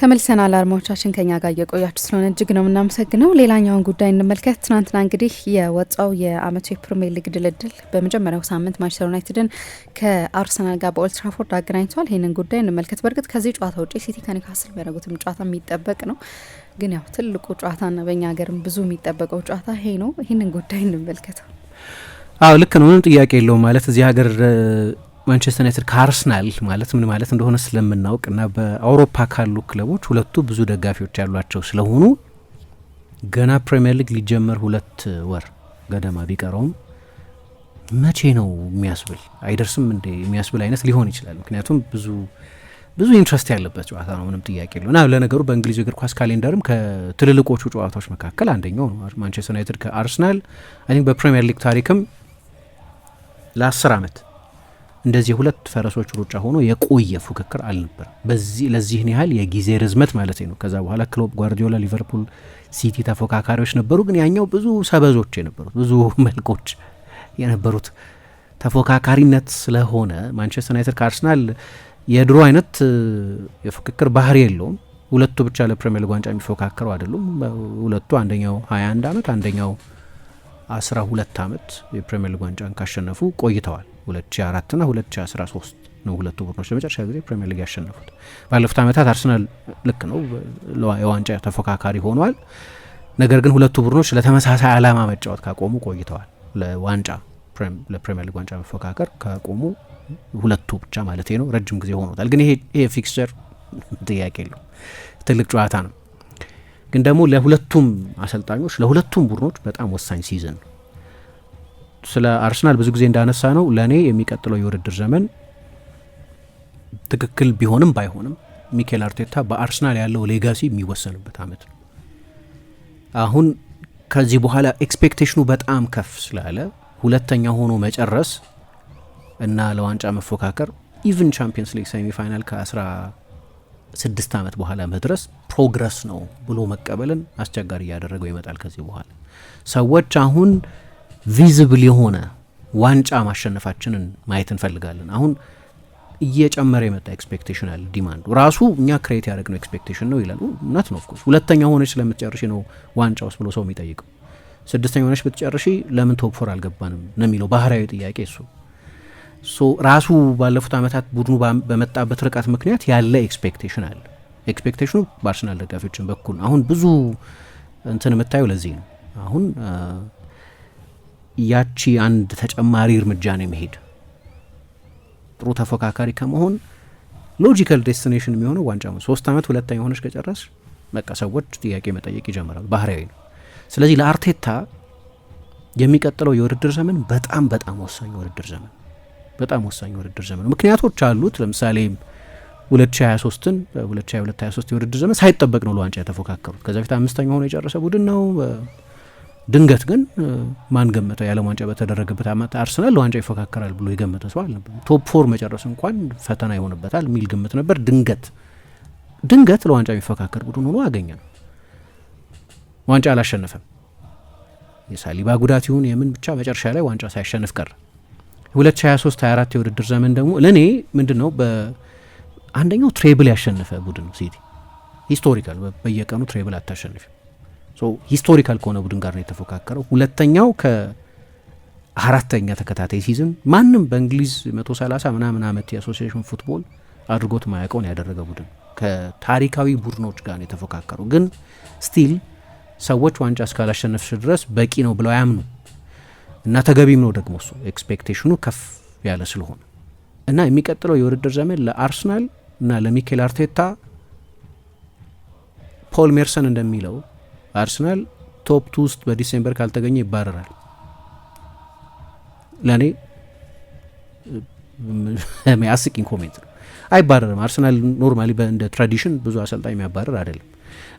ተመልሰናል አድማጮቻችን፣ ከኛ ጋር እየቆያችሁ ስለሆነ እጅግ ነው የምናመሰግነው። ሌላኛውን ጉዳይ እንመልከት። ትናንትና እንግዲህ የወጣው የአመቱ የፕሪሚየር ሊግ ድልድል በመጀመሪያው ሳምንት ማንቸስተር ዩናይትድን ከአርሰናል ጋር በኦልትራፎርድ አገናኝቷል። ይህንን ጉዳይ እንመልከት። በእርግጥ ከዚህ ጨዋታ ውጪ ሲቲ ከኒካስል የሚያደርጉትም ጨዋታ የሚጠበቅ ነው። ግን ያው ትልቁ ጨዋታና በእኛ ሀገርም ብዙ የሚጠበቀው ጨዋታ ይሄ ነው። ይህንን ጉዳይ እንመልከተው። አዎ ልክ ነው፣ ምንም ጥያቄ የለውም። ማለት እዚህ ሀገር ማንቸስተር ዩናይትድ ከአርሰናል ማለት ምን ማለት እንደሆነ ስለምናውቅ እና በአውሮፓ ካሉ ክለቦች ሁለቱ ብዙ ደጋፊዎች ያሏቸው ስለሆኑ ገና ፕሪምየር ሊግ ሊጀመር ሁለት ወር ገደማ ቢቀረውም መቼ ነው የሚያስብል አይደርስም እንዴ የሚያስብል አይነት ሊሆን ይችላል። ምክንያቱም ብዙ ብዙ ኢንትረስት ያለበት ጨዋታ ነው፣ ምንም ጥያቄ የለውም። እና ለነገሩ በእንግሊዝ እግር ኳስ ካሌንደርም ከትልልቆቹ ጨዋታዎች መካከል አንደኛው ነው ማንቸስተር ዩናይትድ ከአርስናል አይ ቲንክ በፕሪምየር ሊግ ታሪክም ለአስር አመት እንደዚህ ሁለት ፈረሶች ሩጫ ሆኖ የቆየ ፉክክር አልነበረም። በዚህ ለዚህን ያህል የጊዜ ርዝመት ማለት ነው። ከዛ በኋላ ክሎፕ፣ ጓርዲዮላ፣ ሊቨርፑል፣ ሲቲ ተፎካካሪዎች ነበሩ። ግን ያኛው ብዙ ሰበዞች የነበሩት ብዙ መልኮች የነበሩት ተፎካካሪነት ስለሆነ ማንቸስተር ዩናይትድ ከአርሰናል የድሮ አይነት የፉክክር ባህሪ የለውም። ሁለቱ ብቻ ለፕሪሚየር ሊግ ዋንጫ የሚፎካከሩ አይደሉም። ሁለቱ አንደኛው 21 ዓመት አንደኛው 12 ዓመት የፕሪሚየር ሊግ ዋንጫን ካሸነፉ ቆይተዋል። 2004 ና 2013 ነው ሁለቱ ቡድኖች ለመጨረሻ ጊዜ ፕሪሚየር ሊግ ያሸነፉት። ባለፉት ዓመታት አርሰናል ልክ ነው የዋንጫ ተፎካካሪ ሆኗል። ነገር ግን ሁለቱ ቡድኖች ለተመሳሳይ ዓላማ መጫወት ካቆሙ ቆይተዋል። ለዋንጫ ለፕሪሚየር ሊግ ዋንጫ መፎካከር ካቆሙ ሁለቱ ብቻ ማለት ነው ረጅም ጊዜ ሆኖታል። ግን ይሄ ፊክስቸር ጥያቄ የለው ትልቅ ጨዋታ ነው። ግን ደግሞ ለሁለቱም አሰልጣኞች ለሁለቱም ቡድኖች በጣም ወሳኝ ሲዝን ነው። ስለ አርሰናል ብዙ ጊዜ እንዳነሳ ነው ለእኔ የሚቀጥለው የውድድር ዘመን ትክክል ቢሆንም ባይሆንም ሚኬል አርቴታ በአርሰናል ያለው ሌጋሲ የሚወሰንበት አመት ነው። አሁን ከዚህ በኋላ ኤክስፔክቴሽኑ በጣም ከፍ ስላለ ሁለተኛ ሆኖ መጨረስ እና ለዋንጫ መፎካከር ኢቭን ቻምፒየንስ ሊግ ሴሚፋይናል ከ ስድስት ዓመት በኋላ መድረስ ፕሮግረስ ነው ብሎ መቀበልን አስቸጋሪ እያደረገው ይመጣል። ከዚህ በኋላ ሰዎች አሁን ቪዝብል የሆነ ዋንጫ ማሸነፋችንን ማየት እንፈልጋለን። አሁን እየጨመረ የመጣ ኤክስፔክቴሽን አለ። ዲማንዱ ራሱ እኛ ክሬት ያደረግነው ኤክስፔክቴሽን ነው ይላል። እውነት ነው። ኮርስ ሁለተኛ ሆነች ስለምትጨርሽ ነው ዋንጫ ውስጥ ብሎ ሰው የሚጠይቀው። ስድስተኛ ሆነች ብትጨርሺ ለምን ቶፕ ፎር አልገባንም ነው የሚለው ባህራዊ ጥያቄ እሱ ሶ ራሱ ባለፉት ዓመታት ቡድኑ በመጣበት ርቀት ምክንያት ያለ ኤክስፔክቴሽን አለ። ኤክስፔክቴሽኑ በአርሰናል ደጋፊዎችን በኩል አሁን ብዙ እንትን የምታየው ለዚህ ነው አሁን ያቺ አንድ ተጨማሪ እርምጃ ነው የመሄድ ጥሩ ተፎካካሪ ከመሆን ሎጂካል ዴስቲኔሽን የሚሆነው ዋንጫ ነው። ሶስት ዓመት ሁለተኛ የሆነች ከጨረስ በቃ ሰዎች ጥያቄ መጠየቅ ይጀምራሉ። ባህርያዊ ነው። ስለዚህ ለአርቴታ የሚቀጥለው የውድድር ዘመን በጣም በጣም ወሳኝ ውድድር ዘመን በጣም ወሳኝ ውድድር ዘመን ምክንያቶች አሉት። ለምሳሌ 2023ን 2022 23 የውድድር ዘመን ሳይጠበቅ ነው ለዋንጫ የተፎካከሩት። ከዚ በፊት አምስተኛ ሆኖ የጨረሰ ቡድን ነው። ድንገት ግን ማን ገመተው የዓለም ዋንጫ በተደረገበት ዓመት አርሰናል ለዋንጫ ይፎካከራል ብሎ የገመተ ሰው አልነበረም። ቶፕ ፎር መጨረስ እንኳን ፈተና ይሆንበታል የሚል ግምት ነበር። ድንገት ድንገት ለዋንጫ የሚፎካከር ቡድን ሆኖ አገኘ ነው። ዋንጫ አላሸነፈም። የሳሊባ ጉዳት ይሁን የምን ብቻ መጨረሻ ላይ ዋንጫ ሳያሸንፍ ቀረ። 2023 24 የውድድር ዘመን ደግሞ ለእኔ ምንድን ነው በአንደኛው ትሬብል ያሸነፈ ቡድን ነው ሲቲ። ሂስቶሪካል በየቀኑ ትሬብል አታሸንፊም ሂስቶሪካል ከሆነ ቡድን ጋር ነው የተፎካከረው። ሁለተኛው ከአራተኛ ተከታታይ ሲዝን ማንም በእንግሊዝ መቶ ሰላሳ ምናምን ዓመት የአሶሲሽን ፉትቦል አድርጎት ማያውቀውን ያደረገ ቡድን ከታሪካዊ ቡድኖች ጋር ነው የተፎካከረው። ግን ስቲል ሰዎች ዋንጫ እስካላሸነፍሽ ድረስ በቂ ነው ብለው አያምኑ እና ተገቢም ነው ደግሞ እሱ ኤክስፔክቴሽኑ ከፍ ያለ ስለሆነ እና የሚቀጥለው የውድድር ዘመን ለአርሰናል እና ለሚኬል አርቴታ ፖል ሜርሰን እንደሚለው አርሰናል ቶፕ ቱ ውስጥ በዲሴምበር ካልተገኘ ይባረራል። ለእኔ አስቂኝ ኮሜንት ነው። አይባረርም። አርሰናል ኖርማሊ እንደ ትራዲሽን ብዙ አሰልጣኝ የሚያባረር አይደለም፣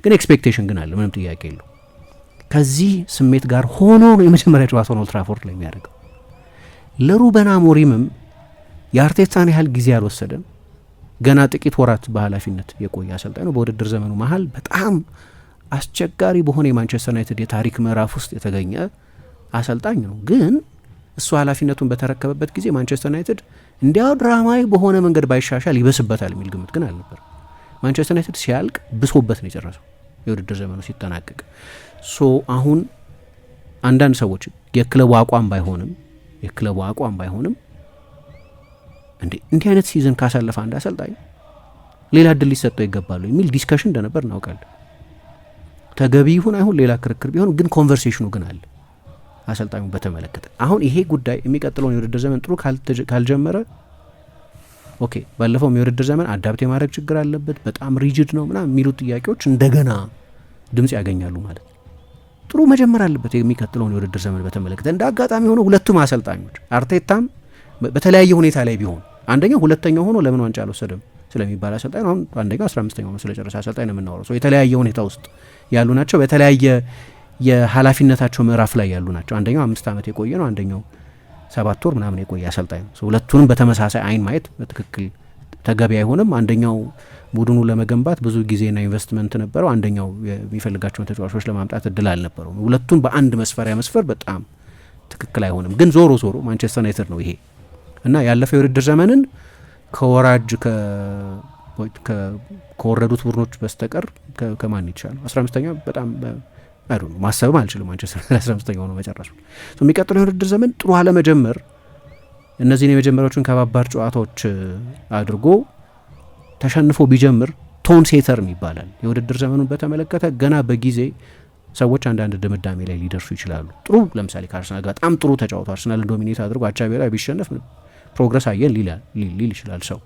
ግን ኤክስፔክቴሽን ግን አለ። ምንም ጥያቄ የለው። ከዚህ ስሜት ጋር ሆኖ ነው የመጀመሪያ ጨዋታውን ኦልድ ትራፎርድ ላይ የሚያደርገው። ለሩበን አሞሪምም የአርቴታን ያህል ጊዜ አልወሰደም። ገና ጥቂት ወራት በኃላፊነት የቆየ አሰልጣኝ ነው። በውድድር ዘመኑ መሀል በጣም አስቸጋሪ በሆነ የማንቸስተር ዩናይትድ የታሪክ ምዕራፍ ውስጥ የተገኘ አሰልጣኝ ነው። ግን እሱ ኃላፊነቱን በተረከበበት ጊዜ ማንቸስተር ዩናይትድ እንዲያው ድራማዊ በሆነ መንገድ ባይሻሻል ይበስበታል የሚል ግምት ግን አልነበር። ማንቸስተር ዩናይትድ ሲያልቅ ብሶበት ነው የጨረሰው የውድድር ዘመኑ ሲጠናቀቅ። ሶ አሁን አንዳንድ ሰዎች የክለቡ አቋም ባይሆንም የክለቡ አቋም ባይሆንም እንዴ እንዲህ አይነት ሲዝን ካሳለፈ አንድ አሰልጣኝ ሌላ እድል ሊሰጠው ይገባሉ የሚል ዲስከሽን እንደነበር እናውቃለን። ተገቢ ይሁን አይሁን ሌላ ክርክር ቢሆን ግን ኮንቨርሴሽኑ ግን አለ። አሰልጣኙ በተመለከተ አሁን ይሄ ጉዳይ የሚቀጥለውን የውድድር ዘመን ጥሩ ካልጀመረ ኦኬ፣ ባለፈውም የውድድር ዘመን አዳብት የማድረግ ችግር አለበት፣ በጣም ሪጅድ ነው ምናምን የሚሉት ጥያቄዎች እንደገና ድምጽ ያገኛሉ ማለት ጥሩ መጀመር አለበት የሚቀጥለውን የውድድር ዘመን በተመለከተ። እንደ አጋጣሚ ሆኖ ሁለቱም አሰልጣኞች አርቴታም በተለያየ ሁኔታ ላይ ቢሆን አንደኛው ሁለተኛው ሆኖ ለምን ዋንጫ አልወሰደም ስለሚባል አሰልጣኝ አሁን አንደኛው አስራ አምስተኛ ሆኖ ስለጨረሰ አሰልጣኝ ነው የምናወራው። የተለያየ ሁኔታ ውስጥ ያሉ ናቸው። በተለያየ የኃላፊነታቸው ምዕራፍ ላይ ያሉ ናቸው። አንደኛው አምስት ዓመት የቆየ ነው። አንደኛው ሰባት ወር ምናምን የቆየ አሰልጣኝ ነው። ሁለቱንም በተመሳሳይ አይን ማየት በትክክል ተገቢ አይሆንም። አንደኛው ቡድኑ ለመገንባት ብዙ ጊዜና ኢንቨስትመንት ነበረው፣ አንደኛው የሚፈልጋቸውን ተጫዋቾች ለማምጣት እድል አልነበረውም። ሁለቱን በአንድ መስፈሪያ መስፈር በጣም ትክክል አይሆንም። ግን ዞሮ ዞሮ ማንቸስተር ዩናይትድ ነው ይሄ እና ያለፈው የውድድር ዘመንን ከወራጅ ከወረዱት ቡድኖች በስተቀር ከማን ይቻላል? አስራ አምስተኛ በጣም አይዶ ማሰብም አልችልም። ማንቸስተር አስራ አምስተኛ ሆኖ መጨረሱ የሚቀጥለው የውድድር ዘመን ጥሩ አለመጀመር እነዚህን የመጀመሪያዎቹን ከባባድ ጨዋታዎች አድርጎ ተሸንፎ ቢጀምር ቶን ሴተር ይባላል። የውድድር ዘመኑን በተመለከተ ገና በጊዜ ሰዎች አንዳንድ ድምዳሜ ላይ ሊደርሱ ይችላሉ። ጥሩ ለምሳሌ ከአርሰናል ጋር በጣም ጥሩ ተጫውቶ አርሰናልን ዶሚኔት አድርጎ አቻ ቢላ ቢሸነፍ ፕሮግረስ አየን ሊል ይችላል ሰው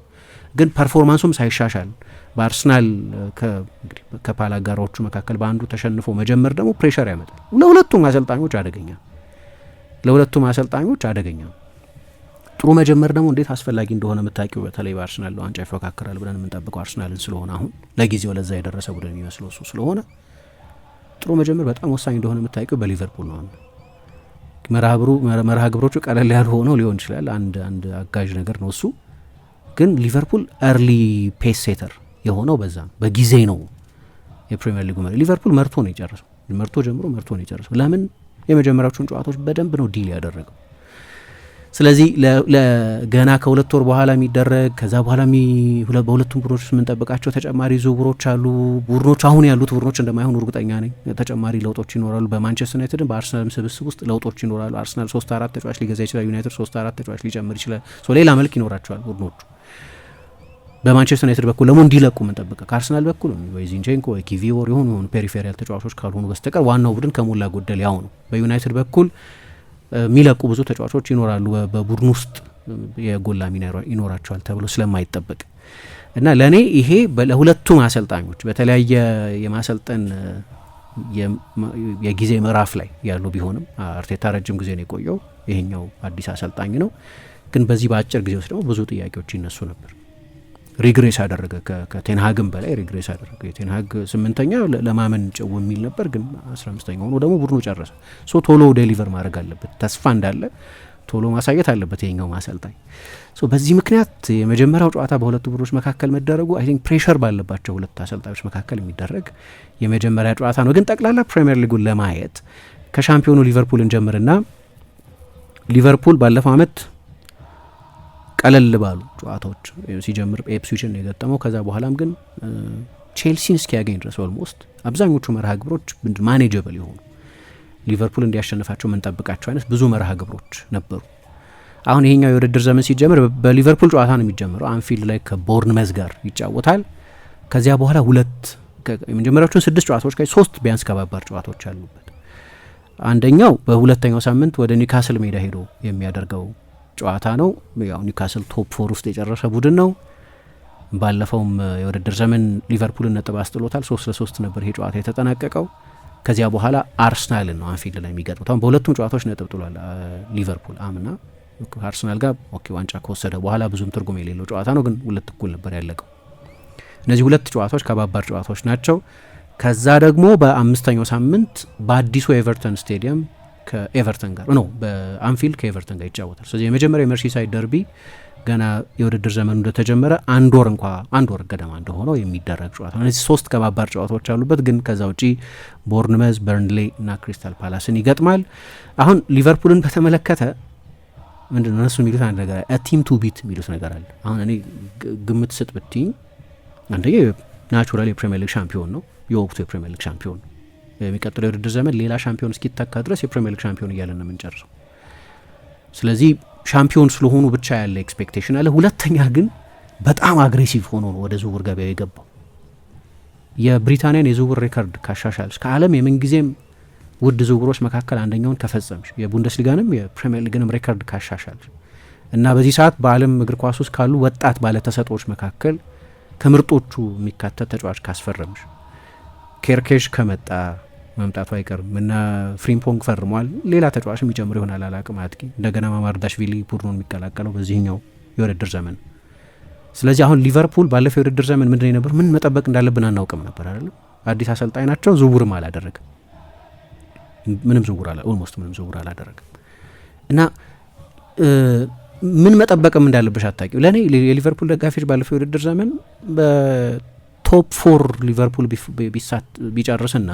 ግን ፐርፎርማንሱም ሳይሻሻል በአርሰናል ከፓላ አጋሮቹ መካከል በአንዱ ተሸንፎ መጀመር ደግሞ ፕሬሸር ያመጣል። ለሁለቱም አሰልጣኞች አደገኛ ለሁለቱም አሰልጣኞች አደገኛ ጥሩ መጀመር ደግሞ እንዴት አስፈላጊ እንደሆነ የምታውቂው በተለይ በአርሰናል ለዋንጫ ይፎካከራል ብለን የምንጠብቀው አርስናልን ስለሆነ አሁን ለጊዜው ለዛ የደረሰ ቡድን የሚመስለው እሱ ስለሆነ ጥሩ መጀመር በጣም ወሳኝ እንደሆነ የምታውቂው በሊቨርፑል ነው። መርሃ ግብሮቹ ቀለል ያሉ ሆነው ሊሆን ይችላል። አንድ አንድ አጋዥ ነገር ነው እሱ። ግን ሊቨርፑል ኤርሊ ፔስ ሴተር የሆነው በዛ ነው፣ በጊዜ ነው። የፕሪሚየር ሊጉ መሪ ሊቨርፑል መርቶ ነው የጨረሰው። መርቶ ጀምሮ መርቶ ነው የጨረሰው። ለምን የመጀመሪያዎቹን ጨዋታዎች በደንብ ነው ዲል ያደረገው። ስለዚህ ገና ከሁለት ወር በኋላ የሚደረግ ከዛ በኋላ በሁለቱም ቡድኖች የምንጠብቃቸው ተጨማሪ ዝውውሮች አሉ። ቡድኖች አሁን ያሉት ቡድኖች እንደማይሆኑ እርግጠኛ ነኝ። ተጨማሪ ለውጦች ይኖራሉ። በማንቸስተር ዩናይትድን በአርሰናል ስብስብ ውስጥ ለውጦች ይኖራሉ። አርሰናል ሶስት አራት ተጫዋች ሊገዛ ይችላል። ዩናይትድ ሶስት አራት ተጫዋች ሊጨምር ይችላል። ሌላ መልክ ይኖራቸዋል ቡድኖቹ። በማንቸስተር ዩናይትድ በኩል ደግሞ እንዲለቁ የምንጠብቀው ከአርሰናል በኩል ወይ ዚንቼንኮ ወይ ኪቪዮር የሆኑ የሆኑ ፔሪፌሪያል ተጫዋቾች ካልሆኑ በስተቀር ዋናው ቡድን ከሞላ ጎደል ያው ነው። በዩናይትድ በኩል የሚለቁ ብዙ ተጫዋቾች ይኖራሉ በቡድን ውስጥ የጎላ ሚና ይኖራቸዋል ተብሎ ስለማይጠበቅ እና ለእኔ ይሄ ለሁለቱም አሰልጣኞች በተለያየ የማሰልጠን የጊዜ ምዕራፍ ላይ ያሉ ቢሆንም አርቴታ ረጅም ጊዜ ነው የቆየው፣ ይሄኛው አዲስ አሰልጣኝ ነው። ግን በዚህ በአጭር ጊዜ ውስጥ ደግሞ ብዙ ጥያቄዎች ይነሱ ነበር። ሪግሬስ አደረገ። ከቴንሃግም በላይ ሪግሬስ አደረገ። የቴንሃግ ስምንተኛ ለማመን ጭው የሚል ነበር፣ ግን አስራ አምስተኛ ሆኖ ደግሞ ቡድኑ ጨረሰ። ሶ ቶሎ ዴሊቨር ማድረግ አለበት፣ ተስፋ እንዳለ ቶሎ ማሳየት አለበት የኛው ማሰልጣኝ። ሶ በዚህ ምክንያት የመጀመሪያው ጨዋታ በሁለቱ ቡድኖች መካከል መደረጉ አይ ቲንክ ፕሬሸር ባለባቸው ሁለት አሰልጣኞች መካከል የሚደረግ የመጀመሪያ ጨዋታ ነው። ግን ጠቅላላ ፕሪምየር ሊጉን ለማየት ከሻምፒዮኑ ሊቨርፑልን ጀምርና ሊቨርፑል ባለፈው አመት ቀለል ባሉ ጨዋታዎች ሲጀምር ኤፕስዊችን ነው የገጠመው። ከዛ በኋላም ግን ቼልሲን እስኪያገኝ ድረስ ኦልሞስት አብዛኞቹ መርሃ ግብሮች ማኔጀብል የሆኑ ሊቨርፑል እንዲያሸንፋቸው የምንጠብቃቸው አይነት ብዙ መርሃ ግብሮች ነበሩ። አሁን ይሄኛው የውድድር ዘመን ሲጀምር በሊቨርፑል ጨዋታ ነው የሚጀምረው። አንፊልድ ላይ ከቦርንመዝ ጋር ይጫወታል። ከዚያ በኋላ ሁለት የመጀመሪያዎቹን ስድስት ጨዋታዎች ላይ ሶስት ቢያንስ ከባባር ጨዋታዎች አሉበት። አንደኛው በሁለተኛው ሳምንት ወደ ኒውካስል ሜዳ ሄዶ የሚያደርገው ጨዋታ ነው። ያው ኒውካስል ቶፕ ፎር ውስጥ የጨረሰ ቡድን ነው። ባለፈውም የውድድር ዘመን ሊቨርፑልን ነጥብ አስጥሎታል። ሶስት ለሶስት ነበር ይሄ ጨዋታ የተጠናቀቀው። ከዚያ በኋላ አርስናልን ነው አንፊልድ ላይ የሚገጥሙት። አሁን በሁለቱም ጨዋታዎች ነጥብ ጥሏል ሊቨርፑል። አምና አርስናል ጋር ኦኬ ዋንጫ ከወሰደ በኋላ ብዙም ትርጉም የሌለው ጨዋታ ነው፣ ግን ሁለት እኩል ነበር ያለቀው። እነዚህ ሁለት ጨዋታዎች ከባባር ጨዋታዎች ናቸው። ከዛ ደግሞ በአምስተኛው ሳምንት በአዲሱ ኤቨርተን ስቴዲየም ከኤቨርተን ጋር ነው በአንፊልድ ከኤቨርተን ጋር ይጫወታል። ስለዚህ የመጀመሪያ የመርሲሳይድ ደርቢ ገና የውድድር ዘመኑ እንደተጀመረ አንድ ወር እንኳ አንድ ወር ገደማ እንደሆነው የሚደረግ ጨዋታ ነው። እነዚህ ሶስት ከባባር ጨዋታዎች አሉበት፣ ግን ከዛ ውጪ ቦርንመዝ፣ በርንሌ እና ክሪስታል ፓላስን ይገጥማል። አሁን ሊቨርፑልን በተመለከተ ምንድን ነው እነሱ የሚሉት አንድ ነገር አለ፣ ቲም ቱ ቢት የሚሉት ነገር አለ። አሁን እኔ ግምት ስጥ ብትኝ አንደኛ ናቹራል የፕሪሚየር ሊግ ሻምፒዮን ነው፣ የወቅቱ የፕሪሚየር ሊግ ሻምፒዮን ነው የሚቀጥለው የውድድር ዘመን ሌላ ሻምፒዮን እስኪተካ ድረስ የፕሪሚየር ሊግ ሻምፒዮን እያለን ነው የምንጨርሰው። ስለዚህ ሻምፒዮን ስለሆኑ ብቻ ያለ ኤክስፔክቴሽን አለ። ሁለተኛ ግን በጣም አግሬሲቭ ሆኖ ነው ወደ ዝውውር ገበያው የገባው። የብሪታንያን የዝውውር ሬከርድ ካሻሻልሽ ከዓለም የምንጊዜም ውድ ዝውውሮች መካከል አንደኛውን ከፈጸምሽ የቡንደስሊጋንም የፕሪሚየር ሊግንም ሬከርድ ካሻሻልሽ እና በዚህ ሰዓት በዓለም እግር ኳስ ውስጥ ካሉ ወጣት ባለተሰጦች መካከል ከምርጦቹ የሚካተት ተጫዋች ካስፈረምሽ ኬርኬሽ ከመጣ መምጣቱ አይቀርም እና ፍሪምፖንግ ፈርሟል። ሌላ ተጫዋች የሚጨምር ይሆናል አላቅም። አጥቂ እንደገና ማማርዳሽቪሊ ቡድኑን የሚቀላቀለው በዚህኛው የውድድር ዘመን። ስለዚህ አሁን ሊቨርፑል ባለፈው የውድድር ዘመን ምንድን ነበር? ምን መጠበቅ እንዳለብን አናውቅም ነበር አይደለም። አዲስ አሰልጣኝ ናቸው። ዝውውርም አላደረግም፣ ምንም ዝውውር ኦልሞስት ምንም ዝውውር አላደረግም እና ምን መጠበቅም እንዳለብሽ አታቂው። ለእኔ የሊቨርፑል ደጋፊዎች ባለፈው የውድድር ዘመን በቶፕ ፎር ሊቨርፑል ቢጨርስና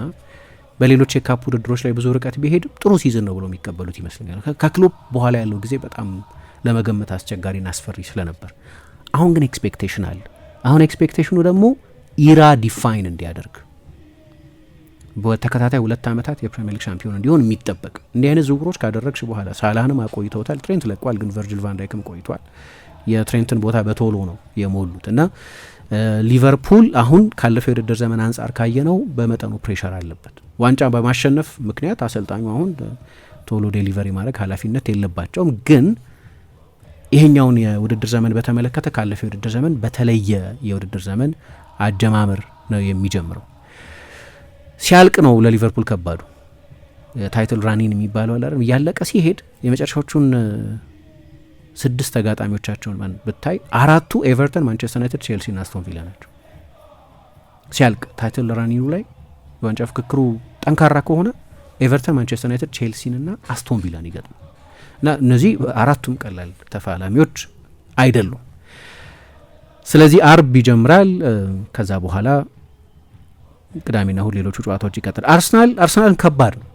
በሌሎች የካፕ ውድድሮች ላይ ብዙ ርቀት ቢሄድም ጥሩ ሲዝን ነው ብሎ የሚቀበሉት ይመስለኛል። ከክሎፕ በኋላ ያለው ጊዜ በጣም ለመገመት አስቸጋሪና አስፈሪ ስለነበር፣ አሁን ግን ኤክስፔክቴሽን አለ። አሁን ኤክስፔክቴሽኑ ደግሞ ኢራ ዲፋይን እንዲያደርግ በተከታታይ ሁለት ዓመታት የፕሪሚየር ሊግ ሻምፒዮን እንዲሆን የሚጠበቅ እንዲህ አይነት ዝውውሮች ካደረግሽ በኋላ ሳላህንም አቆይተውታል። ትሬንት ለቋል፣ ግን ቨርጅል ቫንዳይክም ቆይቷል። የትሬንትን ቦታ በቶሎ ነው የሞሉት እና ሊቨርፑል አሁን ካለፈው የውድድር ዘመን አንጻር ካየ ነው በመጠኑ ፕሬሸር አለበት። ዋንጫ በማሸነፍ ምክንያት አሰልጣኙ አሁን ቶሎ ዴሊቨሪ ማድረግ ኃላፊነት የለባቸውም። ግን ይሄኛውን የውድድር ዘመን በተመለከተ ካለፈው የውድድር ዘመን በተለየ የውድድር ዘመን አጀማመር ነው የሚጀምረው። ሲያልቅ ነው ለሊቨርፑል ከባዱ ታይትል ራኒን የሚባለው አለ እያለቀ ሲሄድ የመጨረሻዎቹን ስድስት ተጋጣሚዎቻቸውን ብታይ አራቱ ኤቨርተን፣ ማንቸስተር ዩናይትድ፣ ቼልሲ ና አስቶን ቪላ ናቸው። ሲያልቅ ታይትል ራኒኑ ላይ የዋንጫ ፍክክሩ ጠንካራ ከሆነ ኤቨርተን፣ ማንቸስተር ዩናይትድ፣ ቼልሲንና አስቶን ቪላን ይገጥሙ እና እነዚህ አራቱም ቀላል ተፋላሚዎች አይደሉም። ስለዚህ አርብ ይጀምራል። ከዛ በኋላ ቅዳሜና እሁድ ሌሎቹ ጨዋታዎች ይቀጥል። አርሰናል አርሰናልን ከባድ ነው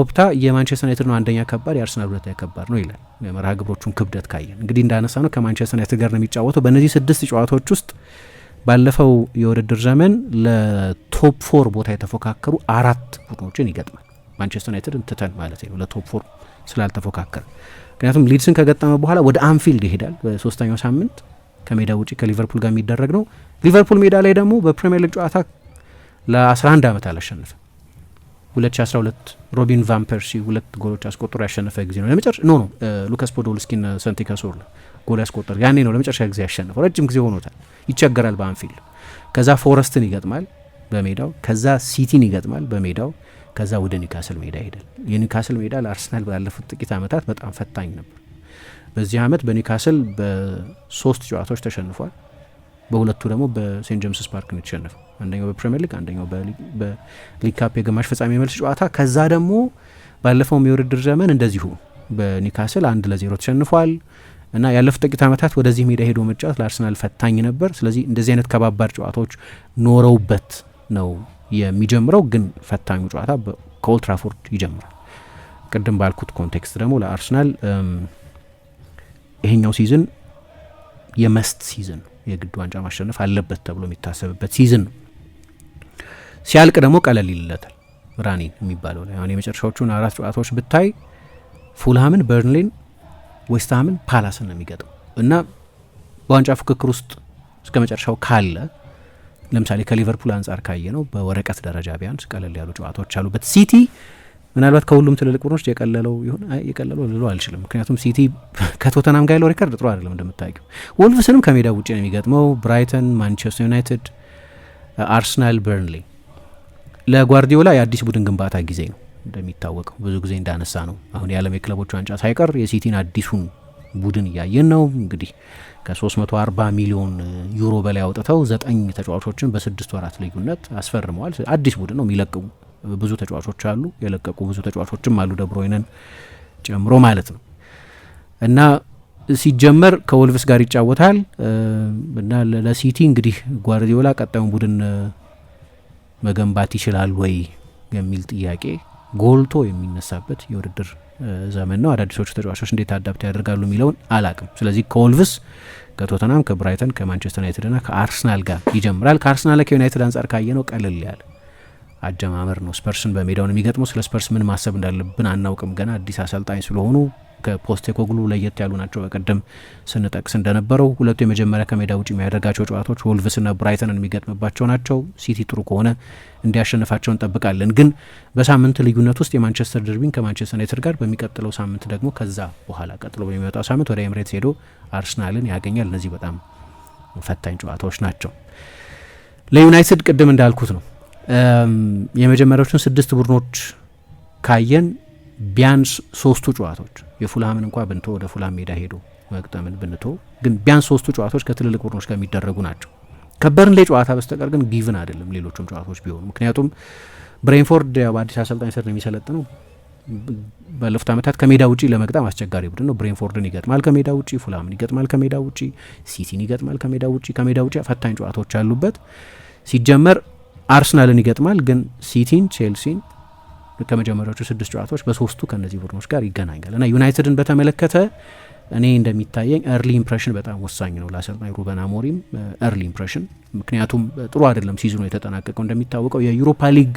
ኦፕታ የማንቸስተር ዩናይትድ ነው አንደኛ ከባድ የአርሰናል ሁለተኛ ከባድ ነው ይላል። የመርሃ ግብሮቹን ክብደት ካየን እንግዲህ እንዳነሳ ነው ከማንቸስተር ዩናይትድ ጋር ነው የሚጫወተው በእነዚህ ስድስት ጨዋታዎች ውስጥ ባለፈው የውድድር ዘመን ለቶፕ ፎር ቦታ የተፎካከሩ አራት ቡድኖችን ይገጥማል። ማንቸስተር ዩናይትድ ትተን ማለት ነው፣ ለቶፕ ፎር ስላልተፎካከረ። ምክንያቱም ሊድስን ከገጠመ በኋላ ወደ አንፊልድ ይሄዳል። በሶስተኛው ሳምንት ከሜዳ ውጭ ከሊቨርፑል ጋር የሚደረግ ነው። ሊቨርፑል ሜዳ ላይ ደግሞ በፕሪምየር ሊግ ጨዋታ ለ11 ዓመት አላሸንፍም። 2012 ሮቢን ቫን ፐርሲ ሁለት ጎሎች አስቆጥሮ ያሸነፈ ጊዜ ነው ለመጨረሻ ኖ ኖ ሉካስ ፖዶልስኪን ሰንቲካሶር ጎል ያስቆጠር ያኔ ነው ለመጨረሻ ጊዜ ያሸነፈው። ረጅም ጊዜ ሆኖታል። ይቸገራል በአንፊልድ። ከዛ ፎረስትን ይገጥማል በሜዳው ከዛ ሲቲን ይገጥማል በሜዳው ከዛ ወደ ኒውካስል ሜዳ ይሄዳል። የኒውካስል ሜዳ ለአርሰናል ባለፉት ጥቂት ዓመታት በጣም ፈታኝ ነበር። በዚህ ዓመት በኒውካስል በሶስት ጨዋታዎች ተሸንፏል። በሁለቱ ደግሞ በሴንት ጀምስስ ፓርክ ነው የተሸነፈው። አንደኛው በፕሪምየር ሊግ፣ አንደኛው በሊግ ካፕ የግማሽ ፍጻሜ መልስ ጨዋታ። ከዛ ደግሞ ባለፈው የውድድር ዘመን እንደዚሁ በኒካስል አንድ ለዜሮ ተሸንፏል። እና ያለፉት ጥቂት ዓመታት ወደዚህ ሜዳ ሄዶ መጫወት ለአርሰናል ፈታኝ ነበር። ስለዚህ እንደዚህ አይነት ከባባድ ጨዋታዎች ኖረውበት ነው የሚጀምረው። ግን ፈታኙ ጨዋታ ከኦልትራፎርድ ይጀምራል። ቅድም ባልኩት ኮንቴክስት ደግሞ ለአርሰናል ይሄኛው ሲዝን የመስት ሲዝን የግድ ዋንጫ ማሸነፍ አለበት ተብሎ የሚታሰብበት ሲዝን ነው። ሲያልቅ ደግሞ ቀለል ይልለታል። ራኒ የሚባለው ላይ አሁን የመጨረሻዎቹን አራት ጨዋታዎች ብታይ ፉልሃምን፣ በርንሌን፣ ዌስትሃምን፣ ፓላስን ነው የሚገጥመው እና በዋንጫ ፉክክር ውስጥ እስከ መጨረሻው ካለ ለምሳሌ ከሊቨርፑል አንጻር ካየ ነው በወረቀት ደረጃ ቢያንስ ቀለል ያሉ ጨዋታዎች አሉበት። ሲቲ ምናልባት ከሁሉም ትልልቅ ቡድኖች የቀለለው ይሆን የቀለለው ልሎ አልችልም። ምክንያቱም ሲቲ ከቶተናም ጋር ያለው ሪከርድ ጥሩ አይደለም እንደምታውቂው። ወልቭስንም ከሜዳ ውጭ ነው የሚገጥመው። ብራይተን፣ ማንቸስተር ዩናይትድ፣ አርሰናል፣ በርንሊ ለጓርዲዮላ የአዲስ ቡድን ግንባታ ጊዜ ነው እንደሚታወቀው ብዙ ጊዜ እንዳነሳ ነው። አሁን የዓለም የክለቦች ዋንጫ ሳይቀር የሲቲን አዲሱን ቡድን እያየን ነው። እንግዲህ ከ340 ሚሊዮን ዩሮ በላይ አውጥተው ዘጠኝ ተጫዋቾችን በስድስት ወራት ልዩነት አስፈርመዋል። አዲስ ቡድን ነው። የሚለቅቁ ብዙ ተጫዋቾች አሉ፣ የለቀቁ ብዙ ተጫዋቾችም አሉ፣ ደብሮይነን ጨምሮ ማለት ነው። እና ሲጀመር ከወልቭስ ጋር ይጫወታል እና ለሲቲ እንግዲህ ጓርዲዮላ ቀጣዩን ቡድን መገንባት ይችላል ወይ የሚል ጥያቄ ጎልቶ የሚነሳበት የውድድር ዘመን ነው። አዳዲሶቹ ተጫዋቾች እንዴት አዳብት ያደርጋሉ የሚለውን አላቅም። ስለዚህ ከወልቭስ፣ ከቶተናም፣ ከብራይተን፣ ከማንቸስተር ዩናይትድ ና ከአርሰናል ጋር ይጀምራል። ከአርስናል ከዩናይትድ አንጻር ካየ ነው ቀልል ያለ አጀማመር ነው። ስፐርስን በሜዳውን የሚገጥመው ስለ ስፐርስ ምን ማሰብ እንዳለብን አናውቅም። ገና አዲስ አሰልጣኝ ስለሆኑ ከፖስቴኮግሉ ለየት ያሉ ናቸው። በቅድም ስንጠቅስ እንደነበረው ሁለቱ የመጀመሪያ ከሜዳ ውጭ የሚያደርጋቸው ጨዋታዎች ወልቭስና ብራይተንን የሚገጥምባቸው ናቸው። ሲቲ ጥሩ ከሆነ እንዲያሸንፋቸው እንጠብቃለን። ግን በሳምንት ልዩነት ውስጥ የማንቸስተር ደርቢን ከማንቸስተር ዩናይትድ ጋር በሚቀጥለው ሳምንት ደግሞ ከዛ በኋላ ቀጥሎ በሚመጣው ሳምንት ወደ ኤምሬትስ ሄዶ አርስናልን ያገኛል። እነዚህ በጣም ፈታኝ ጨዋታዎች ናቸው። ለዩናይትድ ቅድም እንዳልኩት ነው የመጀመሪያዎቹን ስድስት ቡድኖች ካየን ቢያንስ ሶስቱ ጨዋታዎች የፉልሃምን እንኳ ብንቶ ወደ ፉልሃም ሜዳ ሄዶ መግጠምን ብንቶ ግን ቢያንስ ሶስቱ ጨዋታዎች ከትልልቅ ቡድኖች ጋር የሚደረጉ ናቸው። ከበርን ላይ ጨዋታ በስተቀር ግን ጊቭን አይደለም ሌሎቹም ጨዋታዎች ቢሆኑ። ምክንያቱም ብሬንፎርድ በአዲስ አሰልጣኝ ስር ነው የሚሰለጥነው። ባለፉት ዓመታት ከሜዳ ውጪ ለመግጠም አስቸጋሪ ቡድን ነው። ብሬንፎርድን ይገጥማል ከሜዳ ውጪ፣ ፉልሃምን ይገጥማል ከሜዳ ውጪ፣ ሲቲን ይገጥማል ከሜዳ ውጪ። ከሜዳ ውጪ ፈታኝ ጨዋታዎች ያሉበት ሲጀመር አርሰናልን ይገጥማል ግን ሲቲን፣ ቼልሲን ከመጀመሪያዎቹ ስድስት ጨዋታዎች በሶስቱ ከነዚህ ቡድኖች ጋር ይገናኛል እና ዩናይትድን በተመለከተ እኔ እንደሚታየኝ ኤርሊ ኢምፕሬሽን በጣም ወሳኝ ነው ለአሰልጣኝ ሩበን አሞሪም ኤርሊ eh, ኢምፕሬሽን። ምክንያቱም ጥሩ አይደለም ሲዝኑ የተጠናቀቀው እንደሚታወቀው የዩሮፓ ሊግ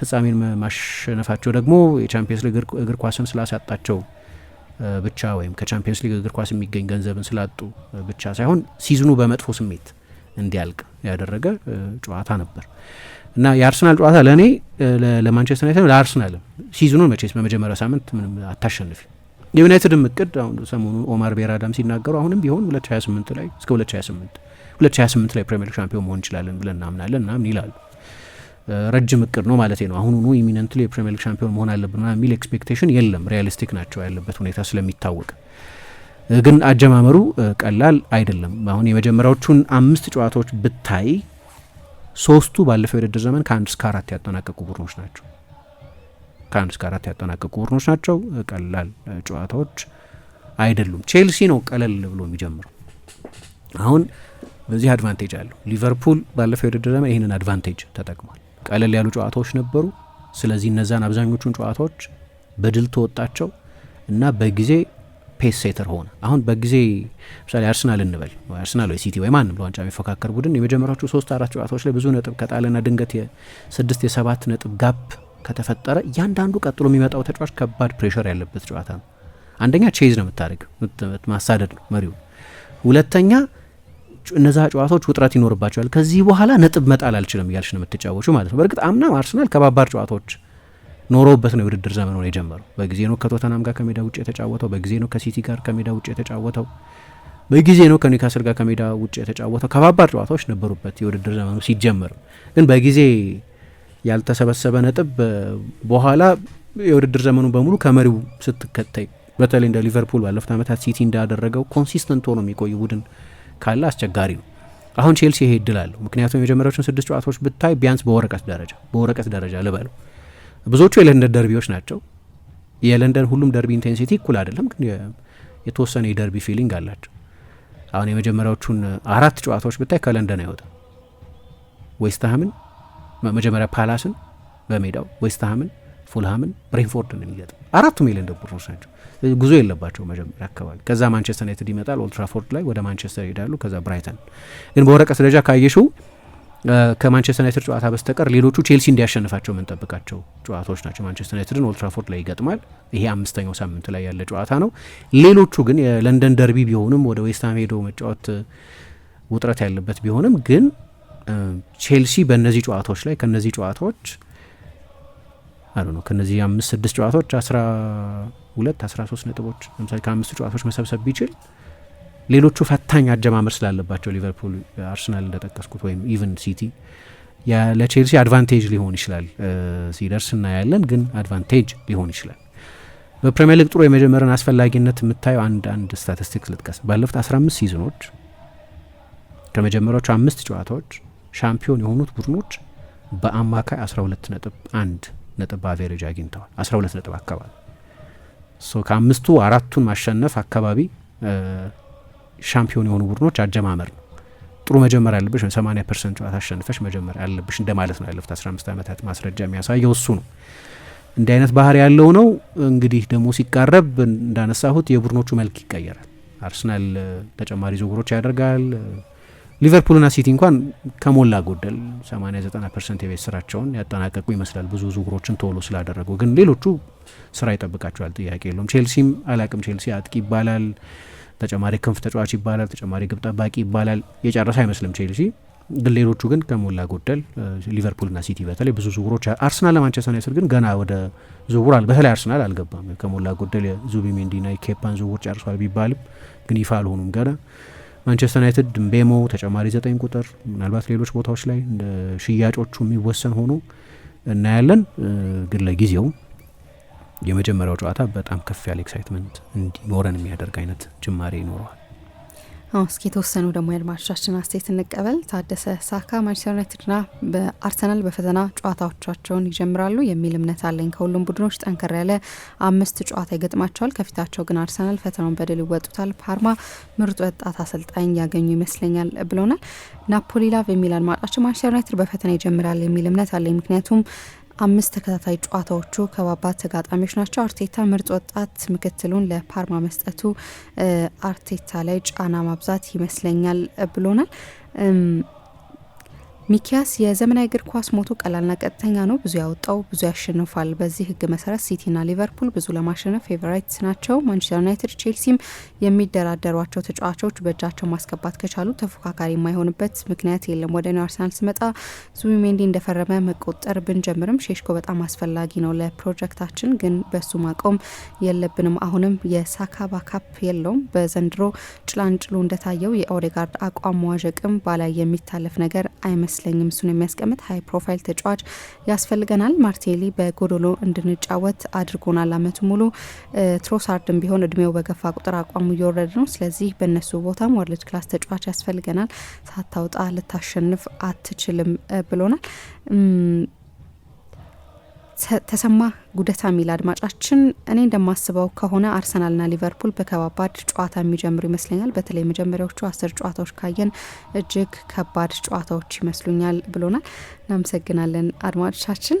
ፍጻሜን ማሸነፋቸው ደግሞ የቻምፒየንስ ሊግ እግር ኳስን ስላሳጣቸው eh, ብቻ ወይም ከቻምፒየንስ ሊግ እግር ኳስ የሚገኝ ገንዘብን ስላጡ eh, ብቻ ሳይሆን ሲዝኑ በመጥፎ ስሜት እንዲያልቅ ያደረገ ጨዋታ ነበር። እና የአርሰናል ጨዋታ ለእኔ ለማንቸስተር ዩናይትድ ለአርሰናልም ሲዝኑን መቼስ በመጀመሪያው ሳምንት ምንም አታሸንፊ። የዩናይትድም እቅድ አሁን ሰሞኑ ኦማር ቤራዳም ሲናገሩ አሁንም ቢሆን 2028 ላይ እስከ 2028 2028 ላይ ፕሪሚየር ሊግ ሻምፒዮን መሆን እንችላለን ብለን እናምናለን ምናምን ይላሉ። ረጅም እቅድ ነው ማለት ነው። አሁኑኑ ኢሚነንትሊ የፕሪሚየር ሊግ ሻምፒዮን መሆን አለብን ና የሚል ኤክስፔክቴሽን የለም። ሪያሊስቲክ ናቸው ያለበት ሁኔታ ስለሚታወቅ ግን አጀማመሩ ቀላል አይደለም። አሁን የመጀመሪያዎቹን አምስት ጨዋታዎች ብታይ ሶስቱ ባለፈው የውድድር ዘመን ከአንድ እስከ አራት ያጠናቀቁ ቡድኖች ናቸው። ከአንድ እስከ አራት ያጠናቀቁ ቡድኖች ናቸው። ቀላል ጨዋታዎች አይደሉም። ቼልሲ ነው ቀለል ብሎ የሚጀምረው አሁን በዚህ አድቫንቴጅ አለው። ሊቨርፑል ባለፈው የውድድር ዘመን ይህንን አድቫንቴጅ ተጠቅሟል። ቀለል ያሉ ጨዋታዎች ነበሩ። ስለዚህ እነዛን አብዛኞቹን ጨዋታዎች በድል ተወጣቸው እና በጊዜ ፔስ ሴተር ሆነ። አሁን በጊዜ ምሳሌ አርስናል እንበል፣ አርስናል ወይ ሲቲ ወይ ማንም ለዋንጫ የሚፎካከር ቡድን የመጀመሪያዎቹ ሶስት አራት ጨዋታዎች ላይ ብዙ ነጥብ ከጣለና ድንገት የስድስት የሰባት ነጥብ ጋፕ ከተፈጠረ እያንዳንዱ ቀጥሎ የሚመጣው ተጫዋች ከባድ ፕሬሽር ያለበት ጨዋታ ነው። አንደኛ ቼዝ ነው የምታደርገው፣ ማሳደድ ነው መሪው። ሁለተኛ እነዛ ጨዋታዎች ውጥረት ይኖርባቸዋል። ከዚህ በኋላ ነጥብ መጣል አልችልም እያልሽ ነው የምትጫወቹ ማለት ነው። በእርግጥ አምናም አርስናል ከባባድ ጨዋታዎች ኖሮበት ነው የውድድር ዘመኑን የጀመረው። በጊዜ ነው ከቶተናም ጋር ከሜዳ ውጭ የተጫወተው። በጊዜ ነው ከሲቲ ጋር ከሜዳ ውጭ የተጫወተው። በጊዜ ነው ከኒውካስል ጋር ከሜዳ ውጭ የተጫወተው። ከባባድ ጨዋታዎች ነበሩበት የውድድር ዘመኑ ሲጀመር ግን በጊዜ ያልተሰበሰበ ነጥብ በኋላ የውድድር ዘመኑ በሙሉ ከመሪው ስትከታይ፣ በተለይ እንደ ሊቨርፑል ባለፉት ዓመታት ሲቲ እንዳደረገው ኮንሲስተንት ሆኖ የሚቆይ ቡድን ካለ አስቸጋሪ ነው። አሁን ቼልሲ ይሄ እድል አለው። ምክንያቱም የመጀመሪያዎቹን ስድስት ጨዋታዎች ብታይ ቢያንስ በወረቀት ደረጃ በወረቀት ደረጃ ልበለው ብዙዎቹ የለንደን ደርቢዎች ናቸው። የለንደን ሁሉም ደርቢ ኢንቴንሲቲ እኩል አይደለም፣ ግን የተወሰነ የደርቢ ፊሊንግ አላቸው። አሁን የመጀመሪያዎቹን አራት ጨዋታዎች ብታይ ከለንደን አይወጣም። ዌስትሃምን መጀመሪያ ፓላስን በሜዳው ዌስትሃምን፣ ፉልሃምን፣ ብሬንፎርድን የሚገጥም አራቱም የለንደን ቡድኖች ናቸው። ጉዞ የለባቸው መጀመሪያ አካባቢ። ከዛ ማንቸስተር ዩናይትድ ይመጣል ኦልትራፎርድ ላይ ወደ ማንቸስተር ይሄዳሉ። ከዛ ብራይተን ግን በወረቀት ደረጃ ካየሽው ከማንቸስተር ዩናይትድ ጨዋታ በስተቀር ሌሎቹ ቼልሲ እንዲያሸንፋቸው የምንጠብቃቸው ጨዋታዎች ናቸው። ማንቸስተር ዩናይትድን ኦልትራፎርድ ላይ ይገጥማል። ይሄ አምስተኛው ሳምንት ላይ ያለ ጨዋታ ነው። ሌሎቹ ግን የለንደን ደርቢ ቢሆንም ወደ ዌስትሃም ሄዶ መጫወት ውጥረት ያለበት ቢሆንም ግን ቼልሲ በእነዚህ ጨዋታዎች ላይ ከነዚህ ጨዋታዎች አሉ ነው ከነዚህ አምስት ስድስት ጨዋታዎች አስራ ሁለት አስራ ሶስት ነጥቦች ለምሳሌ ከአምስቱ ጨዋታዎች መሰብሰብ ቢችል ሌሎቹ ፈታኝ አጀማመር ስላለባቸው ሊቨርፑል፣ አርሰናል እንደጠቀስኩት ወይም ኢቨን ሲቲ ለቼልሲ አድቫንቴጅ ሊሆን ይችላል ሲደርስ እናያለን፣ ግን አድቫንቴጅ ሊሆን ይችላል። በፕሪሚየር ሊግ ጥሩ የመጀመርን አስፈላጊነት የምታየው አንድ አንድ ስታቲስቲክስ ልጥቀስ። ባለፉት 15 ሲዝኖች ከመጀመሪያዎቹ አምስት ጨዋታዎች ሻምፒዮን የሆኑት ቡድኖች በአማካይ 12 ነጥብ አንድ ነጥብ አቬሬጅ አግኝተዋል። 12 ነጥብ አካባቢ ከአምስቱ አራቱን ማሸነፍ አካባቢ ሻምፒዮን የሆኑ ቡድኖች አጀማመር ነው። ጥሩ መጀመር ያለብሽ ሰማኒያ ፐርሰንት ጨዋታ አሸንፈሽ መጀመር ያለብሽ እንደማለት ነው። ያለፉት 15 ዓመታት ማስረጃ የሚያሳየው እሱ ነው። እንዲህ አይነት ባህሪ ያለው ነው። እንግዲህ ደግሞ ሲቃረብ እንዳነሳሁት የቡድኖቹ መልክ ይቀየራል። አርሰናል ተጨማሪ ዝውውሮች ያደርጋል። ሊቨርፑልና ሲቲ እንኳን ከሞላ ጎደል 89 ፐርሰንት የቤት ስራቸውን ያጠናቀቁ ይመስላል ብዙ ዝውውሮችን ቶሎ ስላደረጉ። ግን ሌሎቹ ስራ ይጠብቃቸዋል፣ ጥያቄ የለውም። ቼልሲም አላቅም ቼልሲ አጥቂ ይባላል ተጨማሪ ክንፍ ተጫዋች ይባላል፣ ተጨማሪ ግብ ጠባቂ ይባላል። የጨረሰ አይመስልም ቼልሲ ግን ሌሎቹ ግን ከሞላ ጎደል ሊቨርፑልና ሲቲ በተለይ ብዙ ዝውውሮች፣ አርሰናል ለማንቸስተር ዩናይትድ ግን ገና ወደ ዝውውር በተለይ አርሰናል አልገባም። ከሞላ ጎደል የዙቢሜንዲና የኬፓን ዝውውር ጨርሷል ቢባልም ግን ይፋ አልሆኑም ገና። ማንቸስተር ዩናይትድ ምቤሞ ተጨማሪ ዘጠኝ ቁጥር ምናልባት ሌሎች ቦታዎች ላይ ሽያጮቹ የሚወሰን ሆኖ እናያለን። ግን ለጊዜው የመጀመሪያው ጨዋታ በጣም ከፍ ያለ ኤክሳይትመንት እንዲኖረን የሚያደርግ አይነት ጅማሬ ይኖረዋል። እስኪ የተወሰኑ ደግሞ የአድማጮቻችን አስተያየት እንቀበል። ታደሰ ሳካ ማንቸስተር ዩናይትድና በአርሰናል በፈተና ጨዋታዎቻቸውን ይጀምራሉ የሚል እምነት አለኝ። ከሁሉም ቡድኖች ጠንከር ያለ አምስት ጨዋታ ይገጥማቸዋል። ከፊታቸው ግን አርሰናል ፈተናውን በድል ይወጡታል። ፓርማ ምርጥ ወጣት አሰልጣኝ ያገኙ ይመስለኛል ብለውናል። ናፖሊ ላቭ የሚል አድማጫችን ማንቸስተር ዩናይትድ በፈተና ይጀምራል የሚል እምነት አለኝ ምክንያቱም አምስት ተከታታይ ጨዋታዎቹ ከባባት ተጋጣሚዎች ናቸው። አርቴታ ምርጥ ወጣት ምክትሉን ለፓርማ መስጠቱ አርቴታ ላይ ጫና ማብዛት ይመስለኛል ብሎናል። ሚኪያስ የዘመናዊ እግር ኳስ ሞቶ ቀላልና ቀጥተኛ ነው። ብዙ ያወጣው ብዙ ያሸንፋል። በዚህ ህግ መሰረት ሲቲና ሊቨርፑል ብዙ ለማሸነፍ ፌቨራይትስ ናቸው። ማንቸስተር ዩናይትድ፣ ቼልሲም የሚደራደሯቸው ተጫዋቾች በእጃቸው ማስገባት ከቻሉ ተፎካካሪ የማይሆንበት ምክንያት የለም። ወደ ኒው አርሰናል ስመጣ ዙቢሜንዲ እንደፈረመ መቆጠር ብንጀምርም ሼሽኮ በጣም አስፈላጊ ነው ለፕሮጀክታችን፣ ግን በሱ ማቆም የለብንም። አሁንም የሳካ ባካፕ የለውም። በዘንድሮ ጭላንጭሉ እንደታየው የኦዴጋርድ አቋም መዋዠቅም ባላይ የሚታለፍ ነገር አይመስልም። አይመስለኝም። እሱን የሚያስቀምጥ ሀይ ፕሮፋይል ተጫዋች ያስፈልገናል። ማርቴሊ በጎዶሎ እንድንጫወት አድርጎናል አመቱ ሙሉ። ትሮሳርድም ቢሆን እድሜው በገፋ ቁጥር አቋሙ እየወረደ ነው። ስለዚህ በእነሱ ቦታም ወርልድ ክላስ ተጫዋች ያስፈልገናል። ሳታውጣ ልታሸንፍ አትችልም ብሎናል። ተሰማ ጉደታ የሚል አድማጫችን፣ እኔ እንደማስበው ከሆነ አርሰናልና ሊቨርፑል በከባባድ ጨዋታ የሚጀምሩ ይመስለኛል። በተለይ መጀመሪያዎቹ አስር ጨዋታዎች ካየን እጅግ ከባድ ጨዋታዎች ይመስሉኛል ብሎናል። እናመሰግናለን አድማጮቻችን።